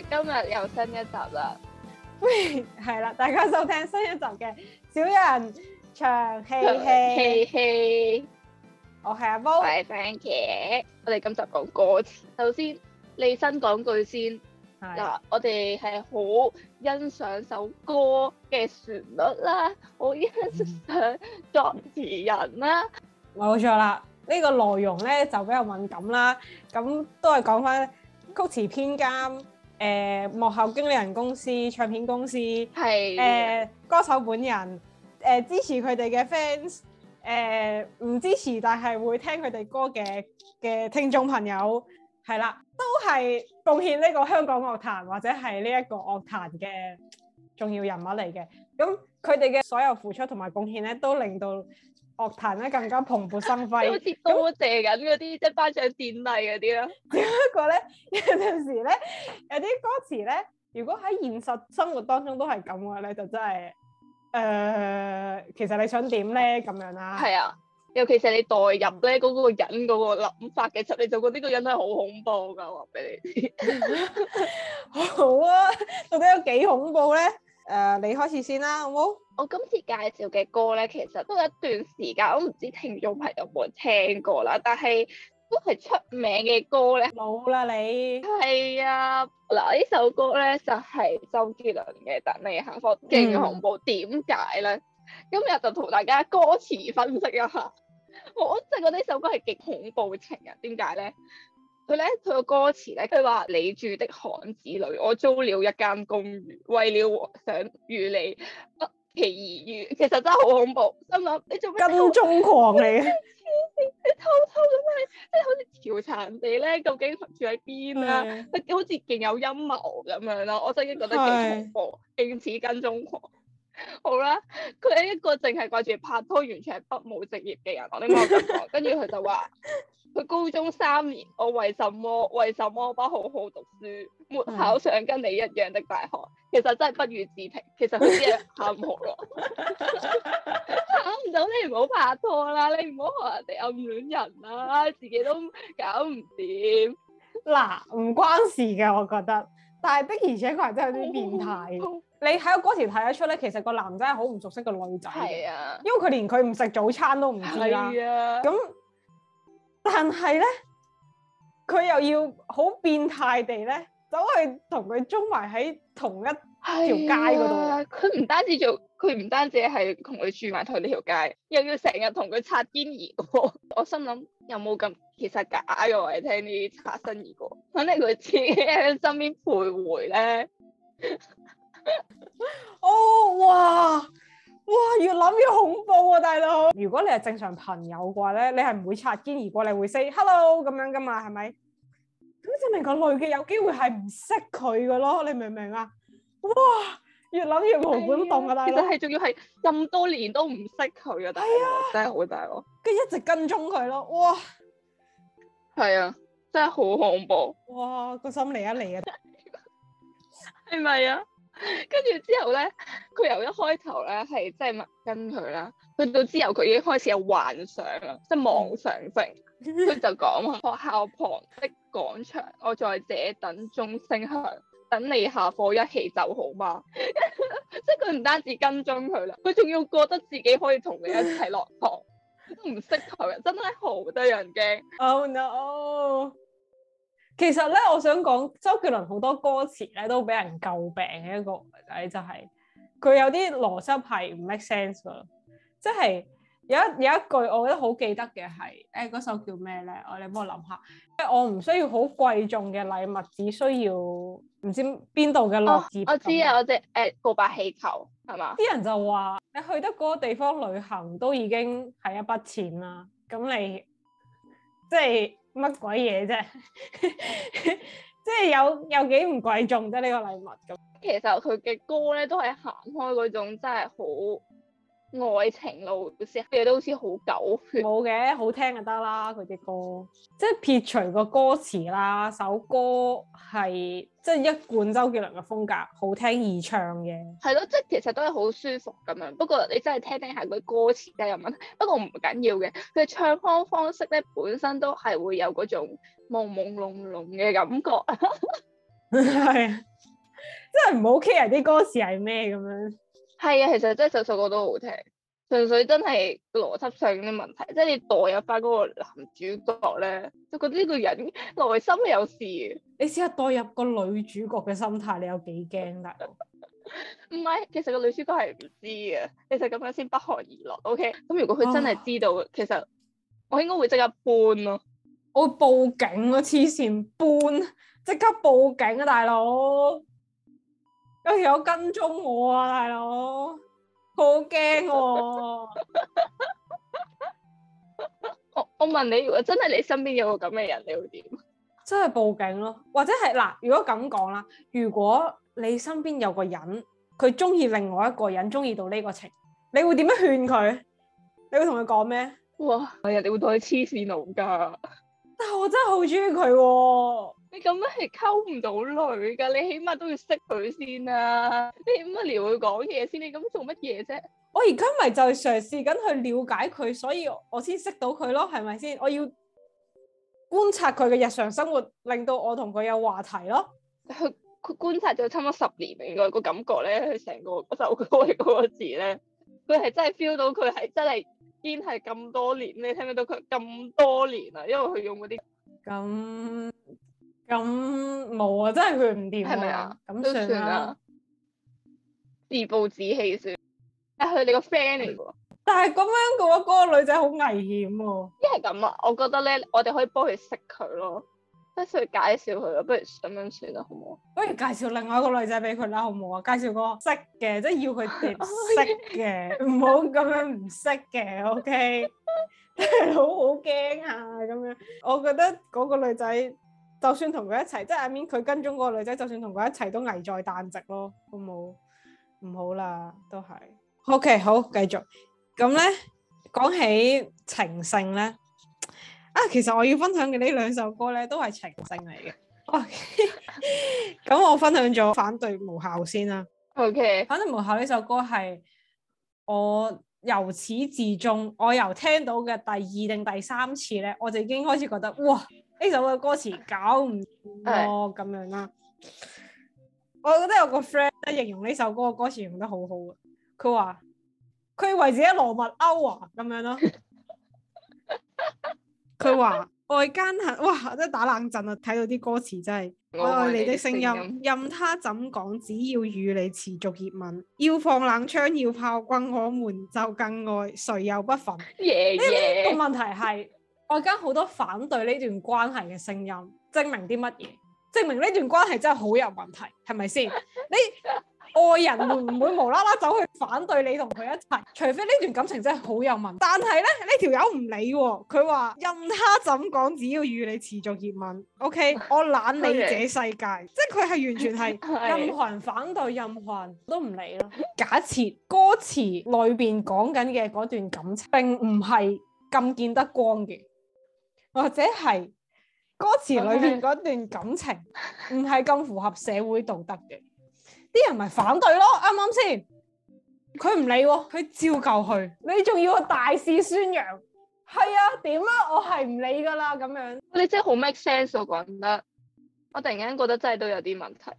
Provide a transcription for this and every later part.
今日又新一集啦，係啦，大家收聽新一集嘅小人長氣氣氣氣。我係阿 V，係 Thank you。我哋今集講歌詞，首先你先講句先嗱。我哋係好欣賞首歌嘅旋律啦，好欣賞作詞人啦，冇錯啦。呢個內容咧就比較敏感啦，咁都係講翻曲詞編監。誒、呃、幕後經理人公司、唱片公司，係誒的、呃、歌手本人，誒、呃、支持佢哋嘅 fans，誒唔支持但係會聽佢哋歌嘅嘅聽眾朋友，係啦，都係貢獻呢個香港樂壇或者係呢一個樂壇嘅重要人物嚟嘅。咁佢哋嘅所有付出同埋貢獻咧，都令到樂壇咧更加蓬勃生輝，好似多謝緊嗰啲即係頒獎典禮嗰啲咯。 只不過咧有陣時咧有啲歌詞咧，如果喺現實生活當中都係咁嘅話，就真係誒、呃，其實你想點咧咁樣啦？係啊，啊，尤其是你代入咧嗰個人嗰個諗法嘅出，你就覺呢個人係好恐怖噶，話俾你 好啊，到底有幾恐怖咧？誒，uh, 你開始先啦，好唔好？我今次介紹嘅歌咧，其實都有一段時間，我唔知聽眾朋友有冇聽過啦，但係都係出名嘅歌咧，冇啦你。係啊，嗱，呢首歌咧就係周杰倫嘅《等你下課》，勁恐怖，點解咧？今日就同大家歌詞分析一下，我真係覺得呢首歌係極恐怖情人，點解咧？佢咧佢個歌詞咧，佢話你住的巷子裏，我租了一間公寓，為了想與你不期而遇。其實真係好恐怖，心諗你做咩跟蹤狂嚟嘅？ 你偷偷咁樣即係好似調查人哋咧，究竟住喺邊啦？是好似勁有陰謀咁樣咯、啊，我真係覺得勁恐怖，勁似是跟蹤狂。 好啦，佢係一個淨係掛住拍拖，完全係不務職業嘅人，我啱啱講。跟住佢就話。 佢高中三年，我為什麼為什麼不好好讀書，沒考上跟你一樣的大學？其實真係不如自評。其實佢啲嘢喊唔好咯， 考唔到你唔好拍拖啦，你唔好學人哋暗戀人啦，自己都搞唔掂。嗱、啊，唔關事嘅，我覺得。但係的而且確係真係有啲變態。 你喺個歌詞睇得出咧，其實個男仔好唔熟悉個女仔嘅，啊、因為佢連佢唔食早餐都唔知啦。咁、啊。但係咧，佢又要好變態地咧，走去同佢租埋喺同一條街嗰度。佢唔、哎、單止做，佢唔單止係同佢住埋同呢條街，又要成日同佢擦肩而過。 我心諗有冇咁其實假嘅？我係聽啲擦身而過，可能佢自己喺身邊徘徊咧。哦 ，oh, 哇！哇，越諗越恐怖啊，大佬！如果你係正常朋友嘅話咧，你係唔會擦肩而過，你會 say hello 咁樣噶嘛，係咪？咁證明個女嘅有機會係唔識佢嘅咯，你明唔明啊？哇，越諗越恐怖，毛管戙啊，大佬！其實係仲要係咁多年都唔識佢嘅，大佬，真係好大鑊。跟住一直跟蹤佢咯，哇！係啊，真係好恐怖！哇，個心嚟一嚟啊，係咪啊？跟住之後咧，佢由一開頭咧係即係跟佢啦，去到之後佢已經開始有幻想啦，即係妄想症。佢就講話：學 校旁的廣場，我在這等鐘聲響，等你下課一起走好嗎？ 即係佢唔單止跟蹤佢啦，佢仲要覺得自己可以同你一齊落堂。佢都唔識佢，真係好得人驚。Oh no！其實咧，我想講周杰倫好多歌詞咧都俾人詬病嘅一個誒、就是，就係佢有啲邏輯係唔 make sense 嘅，即係有一有一句我覺得好記得嘅係，誒、欸、嗰首叫咩咧？我哋幫我諗下，就是、我唔需要好貴重嘅禮物，只需要唔知邊度嘅樂。字。哦，我知啊，我只誒、呃、告白氣球係嘛？啲人就話你去得嗰個地方旅行都已經係一筆錢啦，咁你即係。乜鬼嘢啫？即係 有有幾唔貴重啫、啊？呢、呢個禮物其實佢嘅歌咧都係行開嗰種，真係好。愛情路先，寫嘅嘢都好似好狗血。冇嘅，好聽就得啦。佢啲歌即係撇除個歌詞啦，首歌係即係一貫周杰倫嘅風格，好聽易唱嘅。係咯，即係其實都係好舒服咁樣。不過你真係聽聽下佢歌詞嘅問題，不過唔緊要嘅。佢唱腔方式咧本身都係會有嗰種朦朦朧朧嘅感覺，係 真係唔好 care 啲歌詞係咩咁樣。係啊，其實真係首首歌都好聽，純粹真係邏輯上啲問題，即係你代入翻嗰個男主角咧，就覺得呢個人內心有事。你試下代入個女主角嘅心態，你有幾驚？大佬，唔係，其實個女主角係唔知嘅，你就咁樣先不寒而慄。OK，咁如果佢真係知道，唉其實我應該會即刻搬咯，啊，我會報警咯，啊，黐線搬，即刻報警啊，大佬！有條友跟蹤我啊，大佬，好驚、啊、 我。我我問你，如果真係你身邊有個咁嘅人，你會點？真係報警咯、啊，或者係嗱，如果咁講啦，如果你身邊有個人，佢中意另外一個人，中意到呢個情，你會點樣勸佢？你會同佢講咩？哇！人哋你會當佢黐線佬噶。但係我真係好中意佢喎。你咁樣係溝唔到女㗎，你起碼都要識佢先啊！你起碼撩佢講嘢先，你咁做乜嘢啫？我而家咪就係嘗試緊去了解佢，所以我先識到佢咯，係咪先？我要觀察佢嘅日常生活，令到我同佢有話題咯。佢佢觀察咗差唔多十年，應該個感覺咧，佢成個首歌嗰個字咧，佢係真係 feel 到佢係真係堅係咁多年。你聽唔聽到佢咁多年啊？因為佢用嗰啲咁。咁冇啊，真係佢唔掂啊，都嗎算啦，算自暴自棄算。但係佢哋個 friend 嚟嘅喎，但係咁樣嘅話，嗰個女仔好危險喎，啊。一係咁啊，我覺得咧，我哋可以幫佢識佢咯，即係介紹佢咯，不如咁樣算啦，好唔好？不如介紹另外一個女仔俾佢啦，好唔好啊？介紹、個識嘅，即、就、係、是、要佢哋 識嘅，唔好咁樣唔識嘅，OK？真係好好驚啊，咁樣，我覺得嗰個女仔。就算同佢一齊，即係阿冕佢跟蹤嗰個女仔，就算同佢一齊都危在旦夕咯，好冇？唔好啦，都係。OK，好，繼續。咁咧講起，情聖咧，啊，其實我要分享嘅呢兩首歌咧都係情聖嚟嘅。哇，咁我分享咗《反對無效》先啦。OK，《反對無效》呢首歌係我由始至終，我由聽到嘅第二定第三次咧，我就已經開始覺得哇～呢首嘅歌詞搞唔掂咯，咁的樣啦、啊。我覺得有個 friend 形容呢首歌嘅歌詞用得好好啊。佢話佢以為自己羅密歐啊，咁樣咯、啊。佢話 外間吓，哇！真係打冷震啊！睇到啲歌詞真係我愛你的聲音，任他怎講，只要與你持續熱吻，要放冷槍要炮轟，我們就更愛，誰又不忿？呢 Yeah, yeah. 個問題係。 外間好多反對呢段關係嘅聲音證，證明啲乜嘢？證明呢段關係真係好有問題，係咪先？你外人會唔會無啦啦走去反對你同佢一齊？除非呢段感情真係好有問題。但係咧，呢條友唔理喎、哦，佢話任他怎講，只要與你持續熱吻，OK，我懶理這世界。的即係佢係完全係的任何人反對，任何人都唔理咯。假設歌詞裏邊講緊嘅嗰段感情並唔係咁見得光嘅。或者係歌詞裏邊嗰段感情唔係咁符合社會道德嘅，啲人咪反對咯。啱啱先，佢唔理喎、哦，佢照舊去。你仲要大肆宣揚？係啊，點啊？我係唔理噶啦，咁樣。你真係好 make sense，我講得，我突然間覺得真係都有啲問題。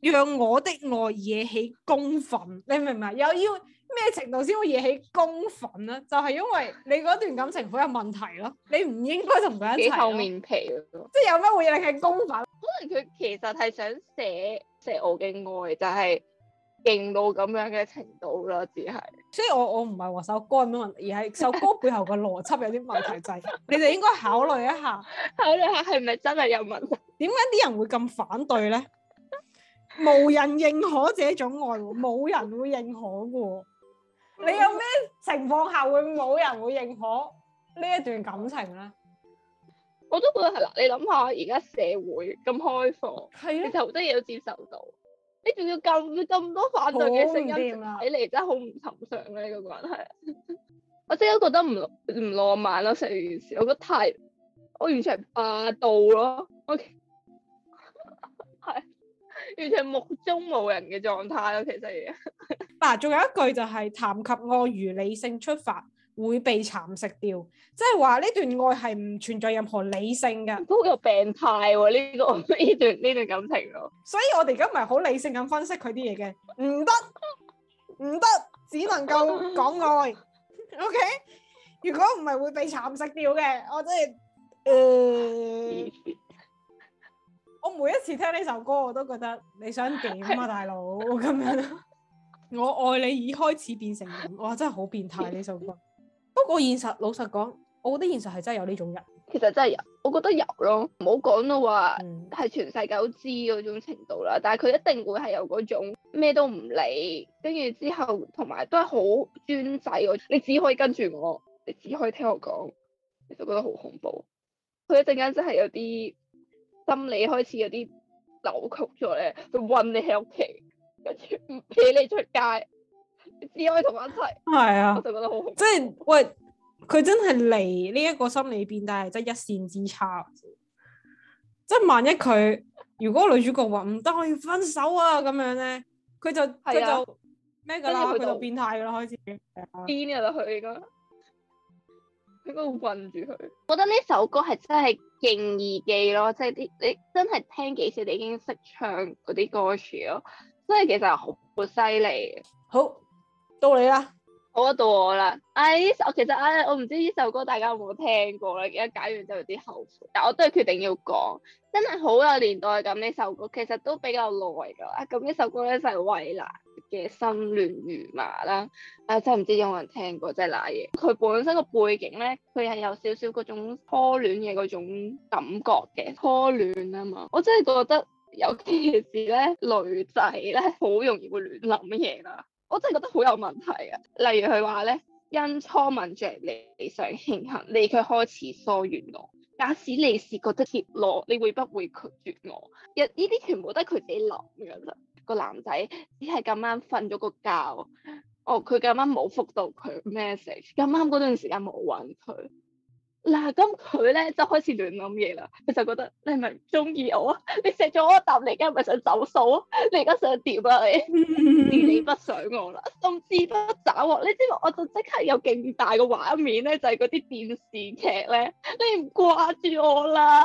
讓我的愛惹起公憤，你明唔明？又要。咩程度先會惹起公憤咧？就係、是、因為你嗰段感情好有問題咯，你唔應該同佢一齊。厚面皮即係有咩會引起公憤？可能佢其實係想寫石我嘅愛，就係、是、勁到咁樣嘅程度啦，只係。所以我我唔係話首歌有問題，而係首歌背後嘅邏輯有啲問題制、就是， 你就應該考慮一下，考慮下係咪真係有問題？點解啲人會咁反對咧？冇 人認可這種愛，冇人會認可嘅。你有咩情況下會冇人會認可呢一段感情咧？我都覺得係啦，你諗下而家社會咁開放，你頭、啊、好多嘢都接受到，你仲要咁咁多反對嘅聲音你嚟，啊、真係好唔尋常呢個關係。啊、 我真係覺得唔唔浪漫咯，成件事，我覺得太我完全係霸道咯。O K，係完全目中冇人嘅狀態咯，其實而家。嗱，仲有一句就係、是、談及愛如理性出發，會被蠶食掉，即係話呢段愛係唔存在任何理性嘅，好有病態喎、啊、呢、這個呢段呢段感情咯、啊。所以我哋而家唔係好理性咁分析佢啲嘢嘅，唔得唔得，只能夠講愛。OK，如果唔係會被蠶食掉嘅，我真係誒，呃、 我每一次聽呢首歌我都覺得你想點啊，大佬咁樣。 我愛你已開始變成咁，哇真係好變態呢首歌。 不過現實老實講，我覺得現實係真係有呢種人。其實真係有，我覺得有咯。唔好講到話係、嗯、全世界都知嗰種程度啦，但係佢一定會係有嗰種咩都唔理，跟住之後同埋都係好專制嗰種。你只可以跟住我，你只可以聽我講，你就覺得好恐怖。佢一陣間真係有啲心理開始有啲扭曲咗咧，就韫你喺屋企。跟住唔俾你出街，只可以同我一齊係啊。我就覺得好好。即係喂，佢真係離呢一個心理變態係，即係一線之差。即係萬一佢如果女主角話唔得，我要分手啊，咁樣咧，佢就佢、啊、就咩噶啦，佢就變態噶啦，開始癲噶啦，佢應該應該會困住佢。我覺得呢首歌係真係勁易記咯，即係啲你真係聽幾次，你已經識唱嗰啲歌詞咯。所以其實好犀利，好到你啦，好啊到我啦、哎，哎，我其實哎，我唔知呢首歌大家有冇聽過咧？而家解完就有啲後悔，但我都係決定要講，真係好有年代感。呢首歌，其實都比較耐噶啦，咁呢首歌咧就係衛蘭嘅《心亂如麻》啦，啊、哎、真係唔知有冇人聽過，真係瀨嘢，佢本身個背景咧，佢係有少少嗰種初戀嘅嗰種感覺嘅，初戀啊嘛，我真係覺得。尤其是咧女仔咧，好容易會亂諗乜嘢啦。我真係覺得好有問題啊。例如佢話咧，因初吻著理想慶幸，你卻開始疏遠我。假使你是覺得怯懦，你會不會拒絕我？一呢啲全部都係佢自己諗㗎啦。個男仔只係咁啱瞓咗個覺，哦，佢咁啱冇復到佢 message，咁啱嗰段時間冇揾佢。嗱，咁佢咧就開始亂諗嘢啦，佢就覺得你係咪中意我？你食咗我一啖，你而家係咪想走數啊？你而家想點啊？你唔想我啦，甚至不找我。你知唔知我就即刻有勁大嘅畫面咧？就係嗰啲電視劇咧，你唔掛住我啦，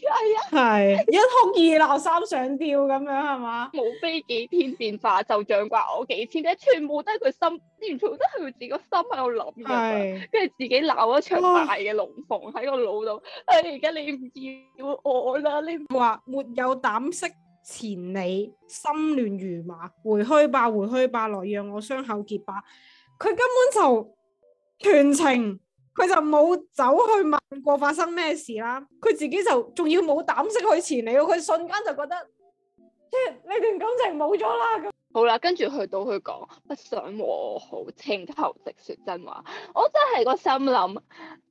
係啊，一哭二鬧三上吊咁樣係嘛？無非幾天變化，就象掛我幾千咧，全部都係佢心，全部都係佢自己個心喺度諗嘅，跟住自己鬧一場大嘅怒。重放喺個腦度，哎，而家你唔要我啦！你話沒有膽識前你心亂如麻，回去吧，回去吧，來讓我傷口結疤。佢根本就斷情，佢就冇走去問過發生咩事啦。佢自己就仲要冇膽識去前你，佢瞬間就覺得，天，呢段感情冇咗啦咁。好啦，跟住去到佢講不想和好，請求直説真話。我真係個心諗，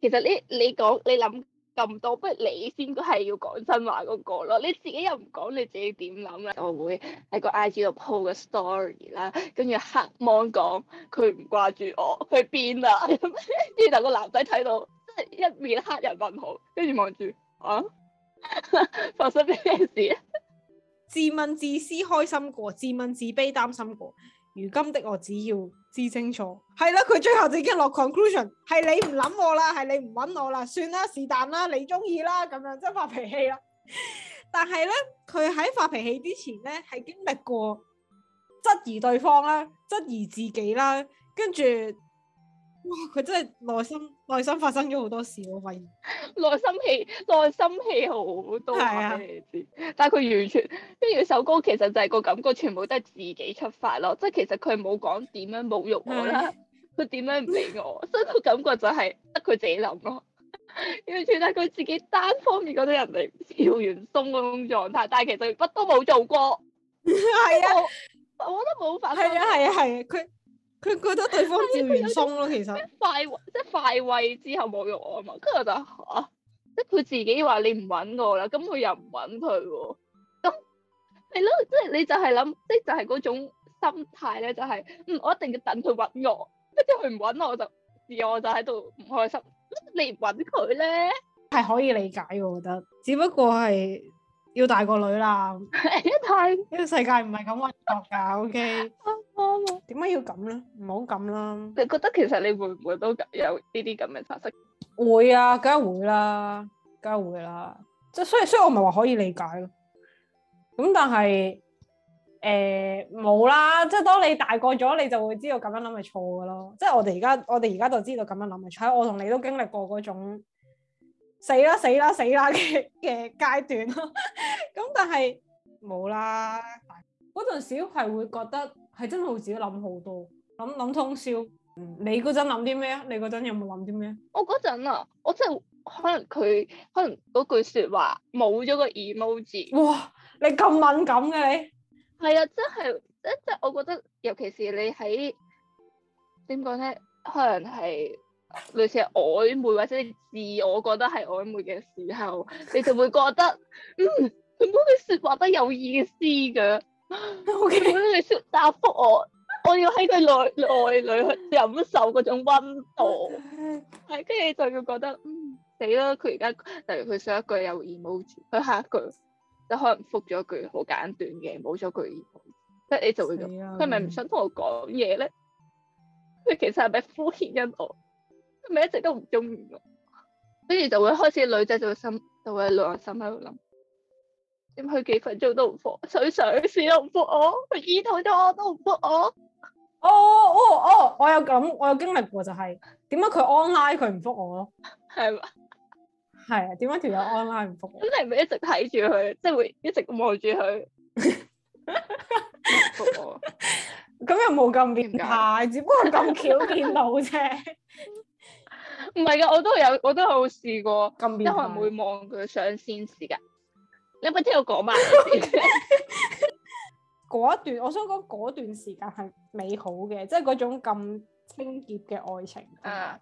其實呢你講你諗咁多，不如你先都係要講真話嗰個咯。你自己又唔講你自己點諗咧？我會喺個 IG 度 po 個 story 啦，跟住黑芒講佢唔掛住我，去邊啦？跟住就個男仔睇到，即係一面黑人問號，跟住望住啊， 發生咩事？自問自思開心過，自問自卑擔心過。如今的我只要知清楚，係、 啊、啦，佢最後就已經落 conclusion，係你唔諗我啦，係你唔揾我啦，算啦，是但啦，你中意啦，咁樣即係發脾氣啦。 但係呢，佢喺發脾氣之前呢，係經歷過質疑對方啦，質疑自己啦，跟住。哇！佢真係內心內心發生咗好多事，我發現內心氣內心氣好多嘅嘢、啊。但係佢完全，跟住首歌其實就係個感覺，全部都係自己出發咯。即、就、係、是、其實佢冇講點樣侮辱我啦，佢點、啊、樣唔理我，所以個感覺就係得佢自己諗咯。完全係佢自己單方面覺得人哋嚼完鬆嗰種狀態，但係其實乜都冇做過。係啊，我覺得冇反係啊，係啊，係啊，佢、啊。佢覺得對方自然鬆咯，其實快位即係快慰之後冇約我啊嘛，跟住我就嚇、啊，即係佢自己話你唔揾我啦，咁佢又唔揾佢喎，咁係咯，即係、就係、你就係諗，即係就係、係、嗰種心態咧，就係、係、嗯我一定要等佢揾我，跟住佢唔揾我就而我就喺度唔開心，你唔揾佢咧係可以理解嘅，我覺得，只不過係。要大個女啦，一太呢個世界唔係咁運作㗎，OK？點解 要咁咧？唔好咁啦。你覺得其實你會唔會都有呢啲咁嘅特色？會啊，梗係會啦，梗係會啦。即係雖然雖然我咪係話可以理解咯，咁但係誒冇啦。即係當你大個咗，你就會知道咁樣諗係錯嘅咯。即係我哋而家我哋而家就知道咁樣諗係錯。我同你都經歷過嗰種。死啦死啦死啦嘅嘅階段咯，咁 但係冇啦。嗰陣時係會覺得係真係自己諗好多，諗，諗通宵。你嗰陣諗啲咩啊？你嗰陣有冇諗啲咩？我嗰陣啊，我真係可能佢可能嗰句說話冇咗個 emoji。哇！你咁敏感嘅你？係啊，真係，即即我覺得，尤其是你喺點講咧，可能係。類似曖昧或者你自我覺得係曖昧嘅時候，你就會覺得，嗯，佢嗰句說話得有意思嘅，OK，佢說答覆我，我要喺佢內內裏去感受嗰種溫度，係，跟住你就會覺得，嗯，死啦，佢而家，例如佢上一句有 emoji 佢下一句，就可能覆咗句好簡短嘅，冇咗佢，即係你就會咁樣，佢係咪唔想同我講嘢咧？佢其實係咪敷衍緊我？佢咪一直都唔中意我，跟住就會開始女仔就會心就會內心喺度諗，點佢幾分鐘都唔覆，想想有事又覆我，佢二頭鐘我都唔覆我。哦哦哦，我有咁，我有經歷過就係，點解佢 online 佢唔覆我咯？係嘛？係啊，點解條友 online 唔覆我？咁你咪一直睇住佢，即係會一直望住佢覆我。咁又冇咁變態，只不過咁巧見到啫。唔係噶，我都有，我都有試過，因為會望佢上線時間。你有冇聽我講嘛？嗰一段，我想講嗰段時間係美好嘅，即係嗰種咁清潔嘅愛情。嗯，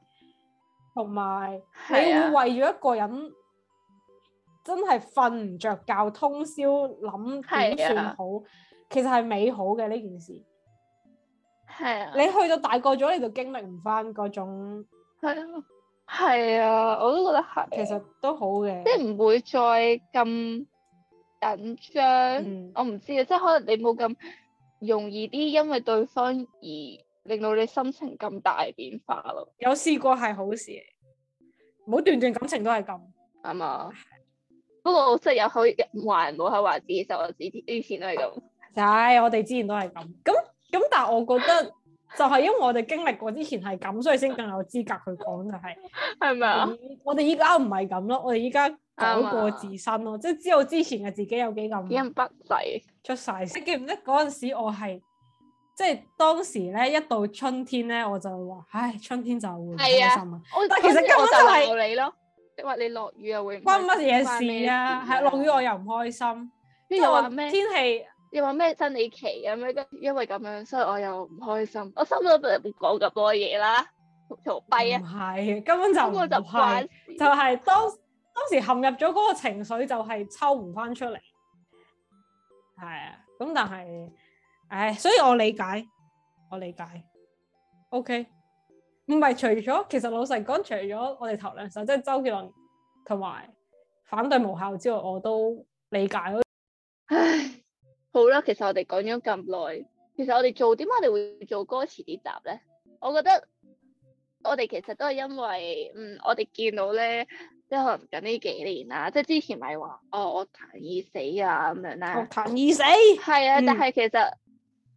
同埋你會為咗一個人，真係瞓唔着覺，通宵諗點算好，啊、其實係美好嘅呢件事。係啊，你去到大個咗，你就經歷唔翻嗰種。係啊。係啊，我都覺得係。其實都好嘅、嗯，即係唔會再咁緊張。我唔知啊，即係可能你冇咁容易啲，因為對方而令到你心情咁大變化咯。有試過係好事，唔好斷斷感情都係咁、嗯、啊嘛。不過我室友可以話人冇口話字，其實我自己以前都係咁。唉，我哋之前都係咁。咁咁，但係我覺得。 就係因為我哋經歷過之前係咁，所以先更有資格去講就係係咪啊？我哋依家唔係咁咯，我哋依家改過自身咯，吧即係知道之前嘅自己有幾咁不濟，出曬事。記唔得嗰陣時我，我係即係當時咧，一到春天咧，我就話：，唉，春天就會唔開心啊！但其實根本就係、是、你咯，即係話你落雨又會，會關乜嘢事啊？係落、啊、雨我又唔開心，因為天氣。你話咩生理期咁、啊、樣，跟因為咁樣，所以我又唔開心。我心諗都唔講咁多嘢啦，嘈閉啊！唔係根本就係，就係當當時陷入咗嗰個情緒就，就係抽唔返出嚟。係啊，咁但係，唉，所以我理解，我理解。O K，唔係除咗其實老實講，除咗我哋頭兩首即係周杰倫同埋反對無效之外，我都理解。唉。好啦，其實我哋講咗咁耐，其實我哋做點解我哋會做歌詞呢集咧？我覺得我哋其實都係因為，嗯，我哋見到咧，即係可能近呢幾年啦，即係之前咪話哦，樂壇已死啊咁樣啦。樂壇已死。係啊，嗯、但係其實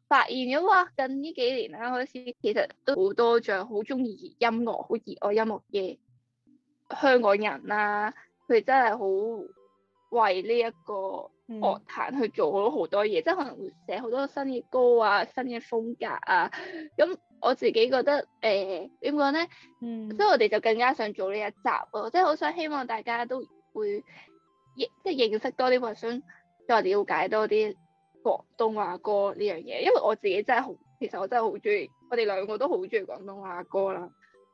發現咗哇，近呢幾年啦，開始其實都好多像好中意音樂、好熱愛音樂嘅香港人啦，啊，佢真係好為呢、這、一個。嗯、樂壇去做好多嘢，即係可能會寫好多新嘅歌啊、新嘅風格啊。咁我自己覺得，誒點講咧？呢嗯。所以我哋就更加想做呢一集咯，即係好想希望大家都會認即係認識多啲，或者想再了解多啲廣東話歌呢樣嘢。因為我自己真係好，其實我真係好鍾意，我哋兩個都好鍾意廣東話歌啦。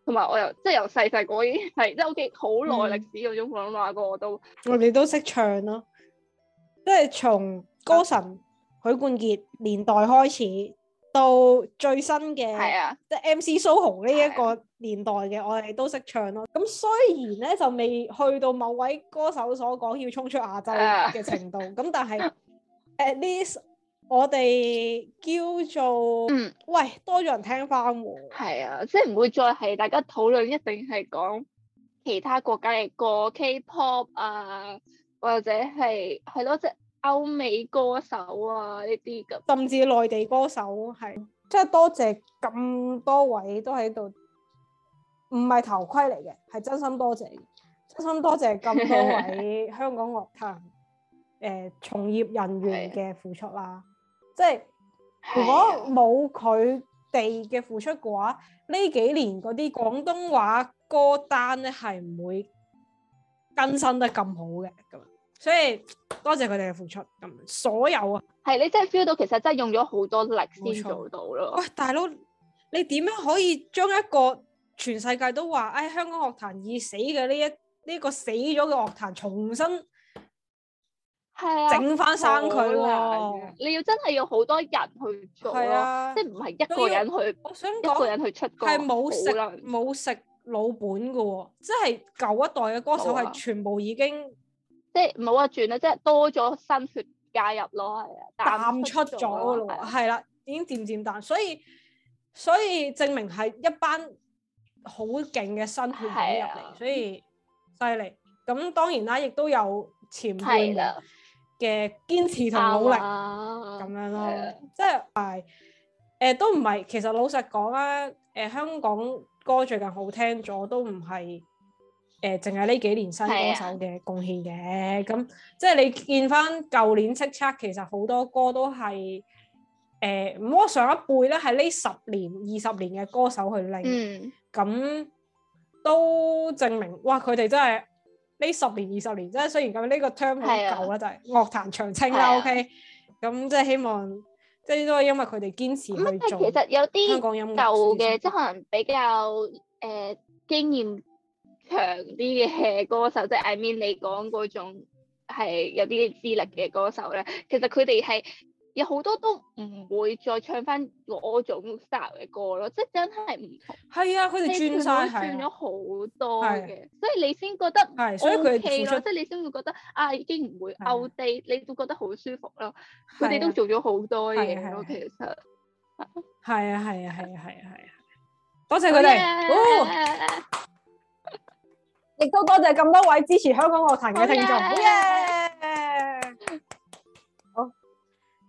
同埋我又即係由細細個已經係、嗯、即係好幾好耐歷史嗰種廣東話歌我都。我哋都識唱咯、啊。即係從歌神許冠傑年代開始，到最新嘅即係 MC 蘇豪呢一個年代嘅，我哋都識唱咯。咁雖然咧就未去到某位歌手所講要衝出亞洲嘅程度，咁但係 at least 我哋叫做嗯，喂多咗人聽翻喎。係啊，即係唔會再係大家討論一定係講其他國家嘅歌 K pop 啊。.或者係係咯，即係歐美歌手啊呢啲咁，甚至內地歌手係，即係多謝咁多位都喺度，唔係頭盔嚟嘅，係真心多謝，真心多謝咁多位香港樂壇誒從業人員嘅付出啦。 即係如果冇佢哋嘅付出嘅話，呢 幾年嗰啲廣東話歌單咧係唔會。更新得咁好嘅，咁，所以多謝佢哋嘅付出咁，所有啊，係你真係 feel 到，其實真係用咗好多力先做到咯。喂，大佬，你點樣可以將一個全世界都話誒香港樂壇已死嘅呢一、呢、呢個死咗嘅樂壇重新係整翻生佢啊？你要真係要好多人去做咯，啊、即係唔係一個人去，我想講一個人去出歌，係冇食冇食，老本嘅喎，即係舊一代嘅歌手係全部已經，即係唔好話轉啦，即係多咗新血加入咯，係啊，淡出咗咯，係啦的，已經漸漸淡，所以所以證明係一班好勁嘅新血入嚟，的所以犀利。咁當然啦，亦都有前輩嘅堅持同努力咁的樣咯，的即係誒，誒、呃、都唔係，其實老實講啦，誒、呃、香港。歌最近好聽咗，都唔係誒，淨係呢幾年新歌手嘅貢獻嘅。咁即係你見翻舊年叱咤，其實好多歌都係誒，咁我上一輩咧係呢十年、二十年嘅歌手去拎，咁都證明哇，佢哋真係呢十年、二十年即係。雖然咁呢個 term 好舊啦，就係樂壇長青啦。OK，咁即係希望。即係都係因為佢哋堅持去做。其實有啲舊嘅，即係可能比較誒、呃，經驗強啲嘅歌手，即係 I mean 你講嗰種係有啲資歷嘅歌手咧。其實佢哋係。有好多都唔會再唱翻嗰種 style 嘅歌咯，即係真係唔同。係啊，佢哋轉曬係。轉咗好多嘅，所以你先覺得 OK 咯，即係你先會覺得啊已經唔會 outdate，你會覺得好舒服咯。佢哋都做咗好多嘢咯，其實。係啊，係啊，係啊，係啊，係啊！多謝佢哋。亦都多謝咁多位支持香港樂壇嘅聽眾。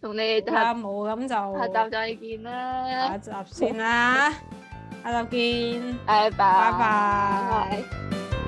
同你哋搭舞咁就，的下集再見啦，下集先啦，下集 見，拜拜拜拜。